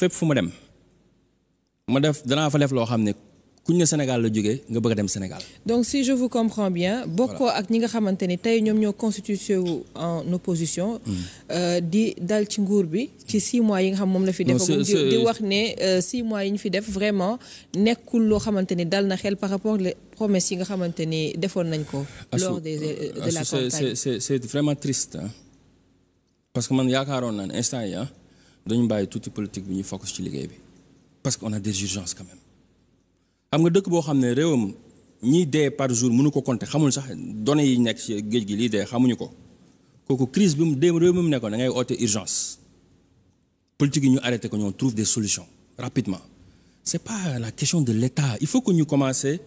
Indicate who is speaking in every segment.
Speaker 1: fépp fu ma dem ma def danaa fa def loo xam ne kuñ ne Sénégal la jógee nga bëgg dem Sénégal.
Speaker 2: donc si je vous comprends bien. bokkoo ak ñi nga xamante ni tey ñoom ñoo constitué wu en opposition. Hmm. Euh, di dal ci nguur bi ci 6 mois yi nga xam moom la fi. def di wax ne 6 euh, mois yi ñu fi def vraiment nekkul loo xamante ni dal na xel par rapport les promesses yi nga xamante ni defoon nañ ko. Ah, lors euh, ah, de ah, la
Speaker 1: campagne c'est c'est parce que man yaakaaroon naan instant yi dañu bàyyi tuuti politique bi ñu fokk ci liggéey bi parce que on a des urgences quand même xam nga dëkk boo xam ne réewam ñiy dee par jour munu ko compter xamul sax done yi nekk ci géej gi lii dee xamuñu ko kooku crise bi mu dee réew mu nekkoon da ngay oote urgence politique yi ñu arrêté ko ñoom trouve des solutions rapidement c'est pas la question de l'État il faut que ñu commencé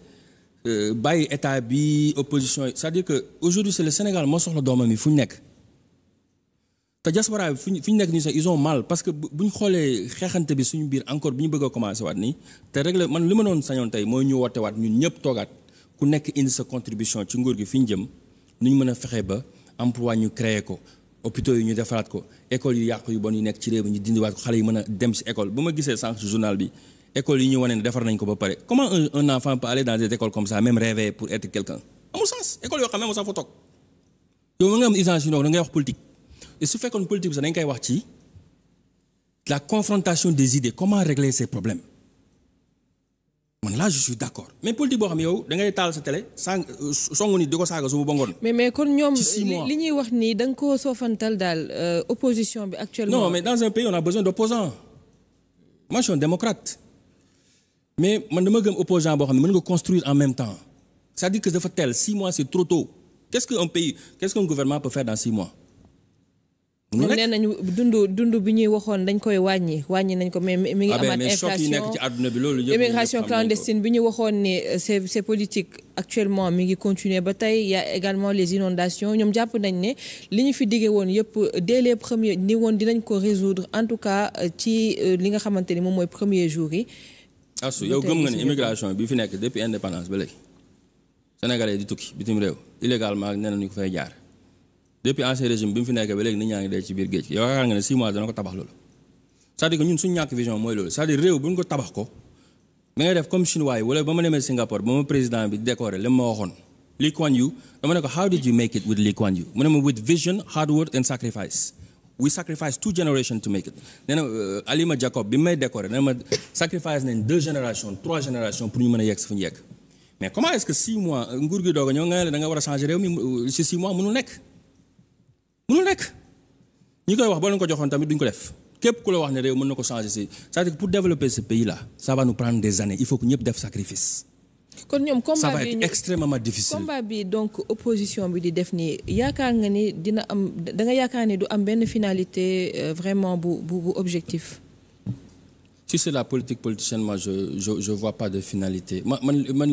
Speaker 1: euh, bàyyi état bi opposition c'est-à-dire que aujourd'hui c'est le Sénégal moo soxla doomam yi fu ñu nekk te diaspora bi fi ñu fi ñu nekk nii sax ils ont mal parce que bu ñu xoolee xeexante bi suñu biir encore bi ñu bëgg a waat nii te régler man li ma doon sañoon tey mooy ñu woote waat ñun ñëpp toogaat ku nekk indi sa contribution ci nguur gi fi ñu jëm nu ñu mën a fexe ba emploi ñu créer ko hôpitaux yi ñu defaraat ko école yu yàqu yu bon yu nekk ci réew mi ñu dindiwaat ko xale yi mën a dem si école bu ma gisee sànq si journal bi école yi ñu wane ne nañ ko ba pare comme ça même rêver pour être quelqu'un amul sens et su fekkoon politique bi sax dañ koy wax ci la confrontation des idées comment régler ces problèmes man là je suis d' mais politique boo xam yow da ngay taal sa télé sang euh, songu nit di ko saaga suba ba ngoon.
Speaker 2: mais mais kon ñoom li ñuy wax nii da ko koo soofantal daal euh, opposition bi actuellement. non mais
Speaker 1: dans un pays on a besoin d' opposants moi je suis un démocrate mais man dama gëm opposant boo xam ne mën nga construire en même temps c'est-à-dire que dafa teel six qu' est ce que un ñoom
Speaker 2: nee ñu dundu dundu bi ñuy waxoon dañ koy wàññi wàññi nañ ko mais mi ngi ah amaat inflation
Speaker 1: immigration clandestine
Speaker 2: bi ñu waxoon ne euh, c'est c'est politique actuellement mi ngi continuer ba tey y également les inondations ñoom jàpp nañ ne li ñu fi diggee woon yëpp dès les premiers ni woon dinañ ko résoudre en tout cas euh, ci euh, li nga xamante ni moom mooy premier jour yi asu yow gëm nga ne immigration
Speaker 1: bi fi nekk depuis indépendance ba léegi sénégalais di tukki bitim réew illégalement nee nañu ko jaar depuis ancien régime bi mu fi nekkee ba léegi nit ñaa ngi dee ci biir géej yow yaakaar nga ne 6 mois dana ko tabax loolu c'est-à-dire ñun suñu ñàkk vision mooy loolu cest à réew bu ñu ko tabax ko da ngay def comme chinois wala ba ma demee ko how did you make it with Lee Kuan Yew ma with vision hard and sacrifice we sacrifice two generations to make it nee na euh, Alima Jacob bi may décoré nee ma sacrifice nañ deux trois générations pour ñu mën a yegg si a ñëw nga ne la da nga war a changer réew mi euh, si 6 mois mënul nekk ñi koy wax boo leen ko joxoon tamit duñ ko def képp ku la wax ne réew mën na ko changer si c'est-à-dire que pour développer ce pays là ça va prendre des années il faut que ñëpp def sacrifice.
Speaker 2: kon ñoom combat bi ça va être extrêmement difficile. donc opposition bi di def nii yaakaar nga ni dina am danga yaakaar ni du am benn finalité euh, vraiment bu bu bu objectif.
Speaker 1: si c'est la politique politicienne moi je je je man man man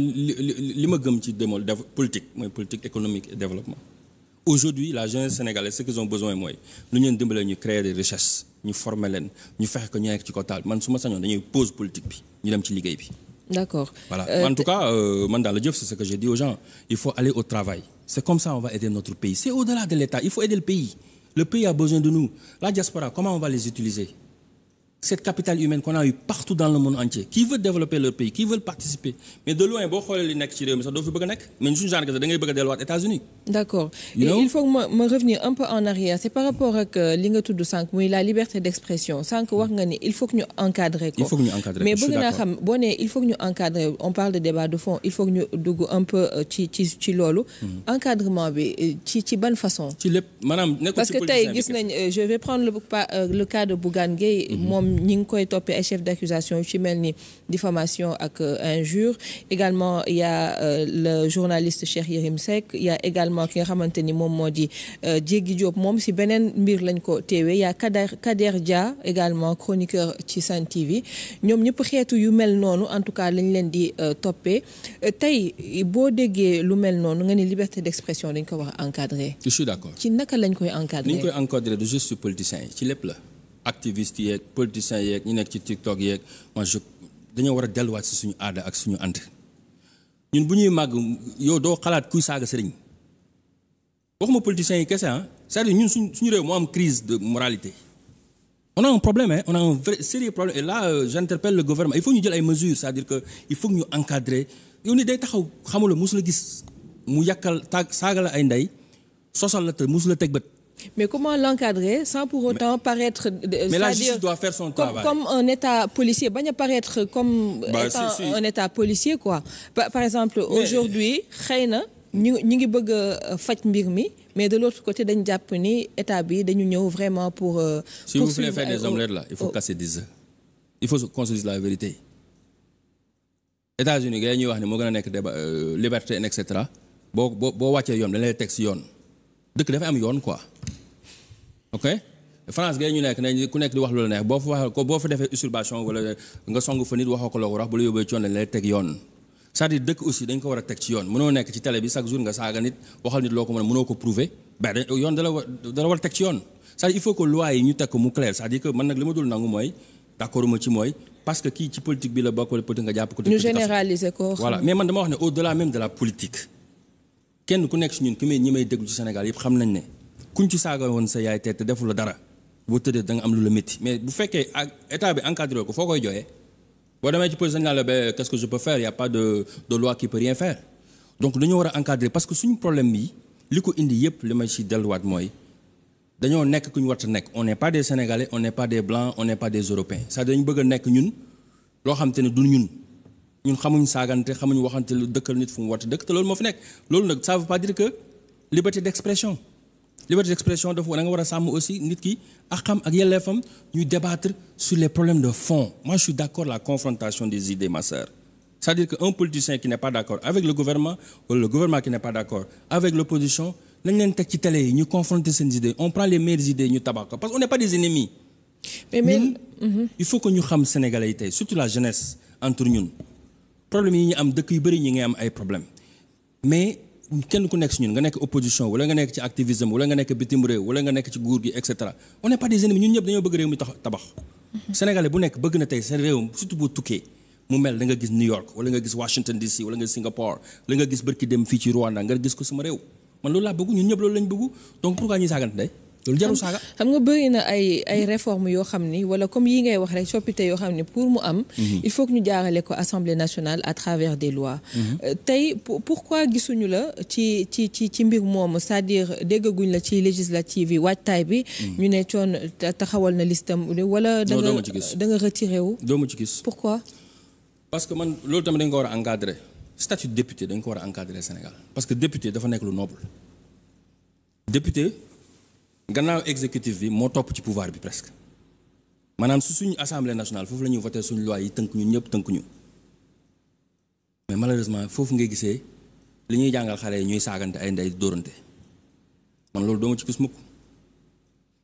Speaker 1: li ma gëm ci demool politique mooy politique économique et développement. aujourd'hui la jeunesse sénégalaise ce qu'ils ont besoin mooy lu ñu leen dimbalee ñu créer des richesses ñu former leen ñu fexe ko ñu nekk politique bi ñu dem ci liggéey bi. d'accord voilà euh, en tout cas euh, man daal la c'est ce que j'ai dit aux gens il faut aller au travail c'est comme ça on va aider notre pays c'est au-delà de l'État il faut aider le pays le pays a besoin de nous la diaspora comment on va les utiliser. cette capitale humaine qu'on a eu partout dans le monde entier qui veut développer leur pays qui veulent participer mais de loin boo xoolee li nekk ci réew mi sax doo fi bëgg a nekk mais suñu genre a
Speaker 2: que ma euh, la liberté d'expression sànq wax nga ni il faut que ñu encadrer ko mais bëgg naa xam il faut que ñu encadrer on parle de débat de fond il faut que ñu dugg un peu euh, ci loolu mm-hmm. encadrement bi euh, ci ci façon
Speaker 1: parce que tey gis
Speaker 2: nañ je ñi ngi koy toppee ay chef d'accusation ci mel ni diffamation ak euh, injure également il y a euh, le journaliste Cheikh Yérim Seck il également ki nga xamante ni moom moo di Diégui euh, Diop moom si beneen mbir lañ ko teewee il y a Kader Kader Dia également chroniqueur ci Sen TV ñoom ñëpp xeetu yu mel noonu en tout cas lañ leen di toppee tey boo déggee lu mel noonu nga ni liberté d'expression dañ ko wax encadrer. je suis d'accord ci naka lañ koy encadrer. ni ñu koy
Speaker 1: encadrer du juste yi ci lépp la. activistes yeeg politiciens yeeg ñu nekk ci TikTok yeeg man je dañoo war a delluwaat si suñu aada ak suñu ànd ñun bu ñuy màgg yow doo xalaat kuy saaga sëriñ waxuma politiciens yi kese ah dire ñun suñ suñu réew moo am crise de moralité on a un problème hein on a un vrai sérieux problème et euh, j'interpelle le gouvernement il faut ñu jël ay mesures cest dire que il faut ñu encadrer yow ni day taxaw xamula mosu la gis mu yàkkal taag saaga la ay ndey sosal la te mosu la
Speaker 2: Mais comment l'encadrer sans pour autant mais, paraître... Euh, mais la justice
Speaker 1: doit faire son travail. Comme, comme un
Speaker 2: État policier. Bah, paraître comme bah, étant État policier, quoi. Par, par exemple, aujourd'hui, Khayna, ngi avons fait mbir mi, mais de l'autre côté, dañu jàpp ni État bi, ñëw vraiment pour... Euh, si vous voulez faire il faut oh.
Speaker 1: casser des œufs. Il faut qu'on se dise la vérité. États-Unis, gars, nous avons une liberté, etc. Bon, bon, bon, bon, bon, bon, bon, bon, bon, bon, bon, bon, bon, bon, bon, bon, bon, bon, ok France gay ñu nekk nañ ku nekk di wax loolu neex boo fa wax ko boo fa defee usurpation wala nga song fa nit waxoo ko loo wax bu la yóbbee ci yoon dañ lay teg yoon cest à dëkk aussi dañ ko war a teg ci yoon mënoo nekk ci télé bi chaque jour nga saaga nit waxal nit loo ko mën a man dama wax ne au delà même de la politique kenn ku nekk si ñun ki may ñi may déglu ci Sénégal yëpp xam nañ ne kuñ ci saaga woon sa yaay te defu la dara boo tëddee da nga am lu la métti mais bu fekkee ak état bi encadré ko foo koy jooyee boo demee ci président la ba qu'est-ce que je peux faire y a pas de de loi qui peut rien faire donc dañoo war a encadrer parce que suñu problème bi li ko indi yëpp li ma ci delluwaat mooy dañoo nekk ku ñu war a nekk on n'est pas des sénégalais on n'est pas des blancs on n'est pas des européens ça dañu bëgg a nekk ñun loo xam te ne du ñun ñun xamuñ saagante xamuñ waxante lu dëkkal nit fu mu war a dëkk te loolu moo fi nekk loolu nag ça veut pas dire que liberté d'expression liberté d'expression dafa da nga war a sàmm aussi nit ki ak xam ak yelleefam ñuy débattre sur les problèmes de fond moi je suis d'accord la confrontation des idées ma sœur c'est-à-dire qu'un politicien qui n'est pas d'accord avec le gouvernement ou le gouvernement qui n'est pas d'accord avec l'opposition nañ leen teg ci télé yi ñu confronter seen idées on prend les meilleures idées ñu tabax ko parce qu'on n'est pas des ennemis mm-hmm. il faut que ñu xam sénégalais yi tey la jeunesse entre ñun problème yi ñu am dëkk yu bëri ñi ngay am ay problèmes kenn ku nekk si ñun nga nekk opposition wala nga nekk ci activisme wala nga nekk bitim réew wala nga nekk ci nguur gi et cetera on n'est pas des ennemis ñun ñëpp dañoo bëgg réew mi tax tabax. Sénégalais bu nekk bëgg na tey seen réewam surtout boo tukkee mu mel da gis New York wala nga gis Washington DC wala nga Singapore la nga gis barki dem fii ci Rwanda nga gis ko sama réew man loolu laa bëgg ñun ñëpp loolu lañ bëgg donc pourquoi ñuy saagante tey. loolu jarul saaga
Speaker 2: xam nga bëri na ay ay réforme yoo xam ni wala comme yi ngay wax rek soppite yoo xam ni pour mu am mhm. il faut que ñu jaarale ko assemblée nationale à travers des lois mhm. euh, tey pourquoi gisuñu la ci ci ci ci mbir moomu c'est-à-dire déggaguñ la ci législative yi waajtaay bi mhm. ñu ne coon taxawal na listam wala da nga da nga retiré wu
Speaker 1: doo ma ci gis pour pourquoi parce que man loolu tamit dañ ko war a encadré statut député dañ ko war a encadré Sénégal parce que député dafa nekk lu gannaaw exécutif bi moo topp ci pouvoir bi presque maanaam su suñu assemblée nationale foofu la ñuy voté suñu loi yi tënk ñu ñëpp tënk ñu mais malheureusement foofu ngay gisee li ñuy jàngal xale yi ñuy saagante ay ndey dóorante man loolu doo ci gis mukk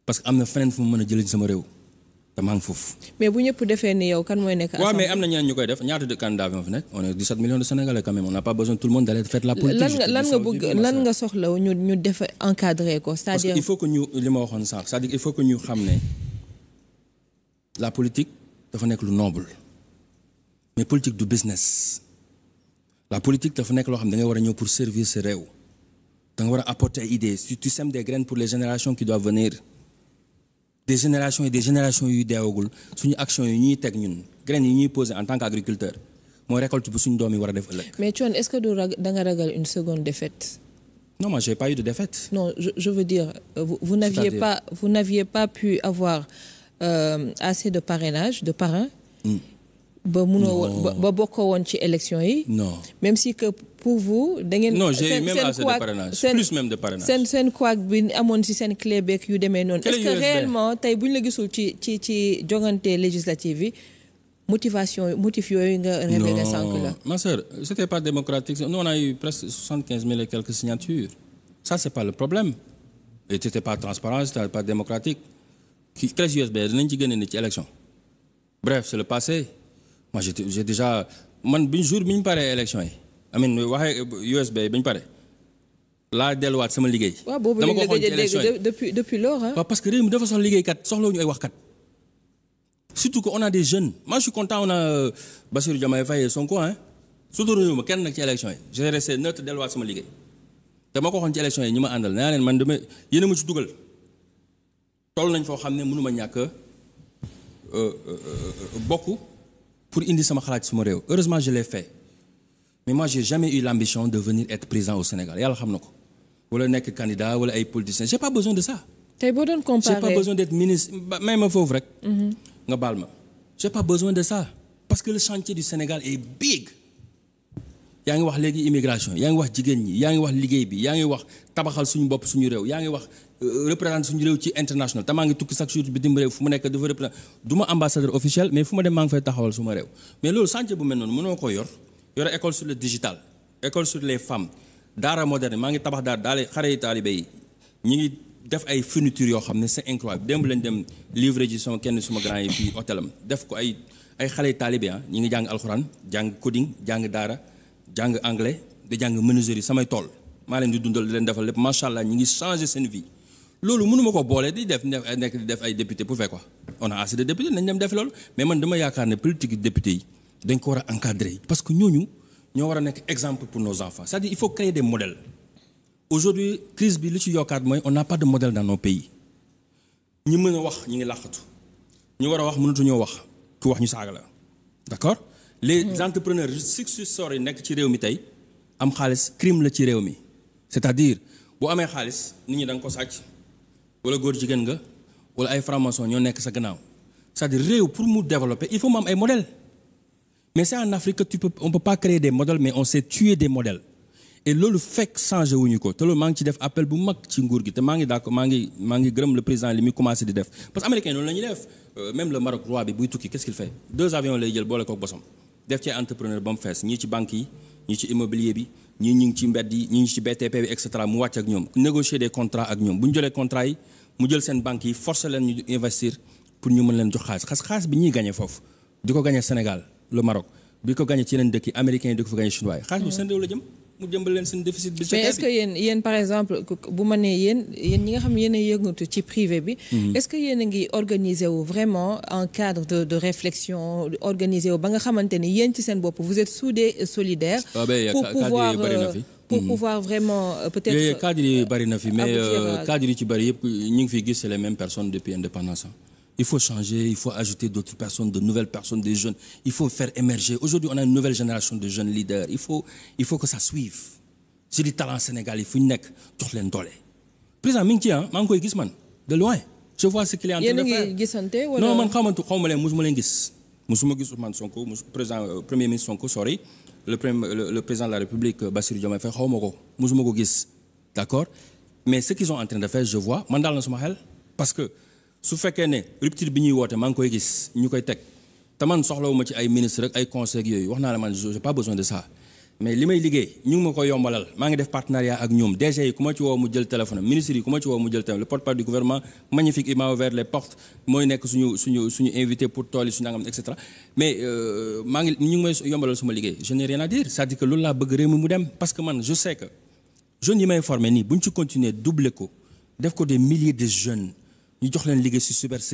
Speaker 1: parce que am na feneen fu mu mën a jëlee sama réew. te maa foofu.
Speaker 2: mais bu ñëpp defee ni yow kan mooy nekk. waaw mais am
Speaker 1: na ñeneen ñu koy def ñaata de candidats fi nekk on est 17 millions de sénégalais quand même on n'a pas besoin tout le monde d'aller faire lan nga lan nga bëgg
Speaker 2: soxla ñu ñu def encadré ko. cest à il faut
Speaker 1: que ñu li ma waxoon sànq c'est-à-dire il faut que ñu xam ne la politique dafa nekk lu noble mais politique du business la politique dafa nekk loo xam da nga war a ñëw pour service sa réew da war a apporter idée tu sèmes des graines pour les générations qui doivent des générations et des générations yuy deewagul suñu action yi ñuy teg ñun graines yi ñuy poser en tan qu'agriculteur mooy récolte bu suñu doom yi war a def ëllëg.
Speaker 2: mais Thione est-ce que du da nga ragal une seconde défaite.
Speaker 1: non moi j'ai pas eu de défaite.
Speaker 2: non je, je veux dire euh, vous, vous n'aviez pas pu avoir euh, assez de parrainage de parrain. Hmm. ba munoo woon ba bokkoo woon ci élection yi. non même si que pour vous. da ngeen non j'ai même assez de plus même de parrainage. sen seen couac bi amoon si seen clé beeg yu demee noonu. est-ce que réellement tey bu ñu la gisul ci ci ci jongante législative yi motivation yi yooyu nga. réveillé nga sànq la
Speaker 1: ma sœur c'était pas démocratique nous on a eu presque soixante quinze mille et quelques signatures ça c'est pas le problème et c'était pas transparent c'était pas démocratique. clé USB dinañ ci génne nit ci moi j' étais j' ai déjà man bi bi ñu paree élection yi amin waxee USB bi ñu paree laa delluwaat sama liggéey.
Speaker 2: dama ko waxoon ci élection yi waaw boobu depuis depuis
Speaker 1: que réew mi dafa soxla liggéeykat soxlawuñu ay waxkat que on des jeunes moi je suis content on a Bassirou Diomaye Faye Sonko hein kenn nag ci delluwaat sama liggéey dama ko waxoon ci élection yi ñi ma àndal naa leen man dama yéen ma ci dugal toll nañ foo xam ne mënu ma ñàkk euh, euh, euh, bokk. pour indi sama xalaat suma réew heureusement je l'ai fait mais moi j'ai jamais eu l'ambition de venir être président au Sénégal yàlla xam na ko wala nekk candidat wala ay politiciens j'ai pas besoin de ça.
Speaker 2: tey boo doon comparer may ma foofu rek. Mhm. nga baal ma j'ai
Speaker 1: pas besoin de ça parce que le chantier du Sénégal est big. yaa ngi wax léegi immigration yaa ngi wax jigéen ñi yaa ngi wax liggéey bi yaa ngi wax tabaxal suñu bopp suñu réew yaa ngi wax Euh, représenter suñu réew ci international te maa ngi tukki chaque jour bitim réew fu mu nekk dafa représenter du ma ambassadeur officiel mais fu ma dem maa ngi fay taxawal suma réew mais loolu chantier bu mel noonu mënoo ko yor yore école sur le digital école sur les femmes daara moderne maa ngi tabax daara daale xare yi taalibe yi ñi ngi def ay fourniture yoo xam ne c'est incroyable démb lañ dem livrer ji sama kenn suma grand yi fii hôtelam def ko ay ay xale yi taalibe ah ñi ngi jàng alxuraan jàng coding jàng daara jàng anglais da jàng menuiserie samay tool maa leen di dundal di leen defal lépp macha allah ñi ngi changer seen vie loolu mënuma ko boolee di def nekk di def ay député pour faire quoi on a assez de député nañ dem def lool mais man dama yaakaar ne politique député yi dañ ko war a encadrer parce que ñooñu ñoo war a nekk exemple pour nos enfants c'est-à-dire il faut créer des modèles aujourd'hui crise bi lu ci yokkaat mooy on n'a pas de modèle dans nos pays ñi mën a wax ñi ngi làqatu ñu war a wax mënatuñoo wax ku wax ñu saaga la d'accord les mm. entrepreneurs successeurs yi nekk ci réew mi tey am xaalis crime la ci réew mi c'est-à-dire bu amee xaalis nit ñi da ko sàcc wala góor jigéen nga wala ay franc-maçon ñoo nekk sa gannaaw c'est-à-dire réew pour mu développer il faut mu am ay modèles mais c'est en Afrique que tu peux on peut pas créer des modèles mais on sait tuer des modèles et loolu fekk changé wuñu ko te loolu maa ngi ci def appel bu mag ci nguur gi te maa ngi d'accord maa ngi maa ngi gërëm le président li muy commencé di def parce que américain loolu la ñuy def euh, même le Maroc roi bi buy tukki quest qu'il fait deux avions ci entrepreneur ba mu fees bi ñii ñu ngi ci mbedd yi ñii ngi ci BTP bi et cetera mu wàcc ak ñoom négocier des contrats ak ñoom bu ñu jëlee contrat yi mu jël seen banques yi forcer leen ñu investir pour ñu mën leen jox xaalis xaalis bi ñuy gagné foofu di ko gagné Sénégal le Maroc bi ko gagné ci yeneen dëkk yi américains yi di ko fa gagné chinois xaalis bu seen réew la jëm mu jëmbal leen seen déficit bi mais est-ce que
Speaker 2: yéen yéen par exemple bu ma nee yéen yéen ñi nga xam yéen a yëngatu ci privé bi mhm. est-ce que yéen a ngi organiser wu vraiment en cadre de, de réflexion organiser wu ba nga xamante ni yéen ci seen bopp vous êtes soudés et solidaires ah ben, pour pouvoir euh, pour mhm. vraiment euh, peut-être
Speaker 1: cadre yi bari na fi mais euh, cadre yi ci bari yëpp ñu ngi fiy gis c'est les mêmes personnes depuis indépendance il faut changer, il faut ajouter d'autres personnes, de nouvelles personnes, des jeunes. Il faut faire émerger. Aujourd'hui, on a une nouvelle génération de jeunes leaders. Il faut, que ça suive. si di talent Sénégal yi fu ñu nekk jox leen doole président mi ngi ci ah, ngi koy gis man de loin. je vois ce qu'il est en train de faire
Speaker 2: yéen a non man
Speaker 1: xamante xaw ma leen mosuma leen gis. mosuma gis Ousmane Sonko mos président euh, premier ministre Sonko sorry le premier le la République euh, Bassirou Diomaye Faye xaw ma ko mosuma ko gis. d'accord mais ce qu'ils sont en train de faire je vois man daal su fekkee ne rupture bi ñuy woote maa ngi koy gis ñu koy teg te man soxlawuma ci ay ministre ay conseil yooyu wax naa la man j'ai pas besoin de ça mais li may liggéey ñu ngi ma ko yombalal maa ngi def partenariat ak ñoom DG yi ku ma ci woo mu jël téléphone ministre yi ku ma ci woo mu jël téléphone le porte-parole du gouvernement magnifique il m'a ouvert les portes mooy nekk suñu suñu pour tool yi suñu nangam et cetera mais euh, maa ngi ñu ngi may yombalal suma liggéey je n'ai rien à loolu laa bëgg réew mi mu dem parce que man je sais may formé nii bu ñu ci continuer doubler ko def ko des milliers de jeunes ñu jox leen liggéey si